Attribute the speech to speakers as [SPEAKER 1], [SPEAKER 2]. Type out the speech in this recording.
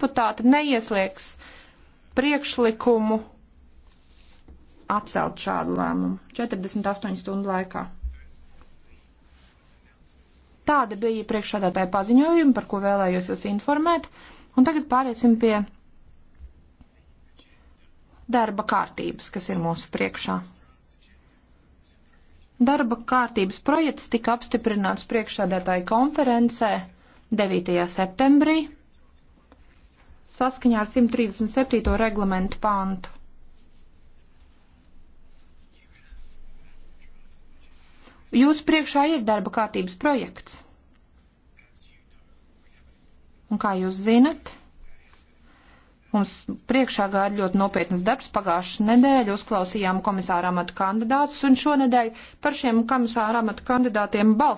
[SPEAKER 1] deputāti neieslieks priekšlikumu atcelt šādu lēmumu 48 stundu laikā. Tāda bija priekšādātāja paziņojuma, par ko vēlējos jūs informēt, un tagad pāriesim pie darba kārtības, kas ir mūsu priekšā. Darba kārtības projekts tika apstiprināts priekšādātāja konferencē 9. septembrī saskaņā ar 137. reglamentu pāntu. Jūsu priekšā ir darba kārtības projekts. Un kā jūs zinat, mums priekšā gāja ļoti nopietnas darbs. Pagājušā nedēļa uzklausījām komisāra amatu kandidātus, un šonedēļ par šiem komisāra amatu kandidātiem balsojām.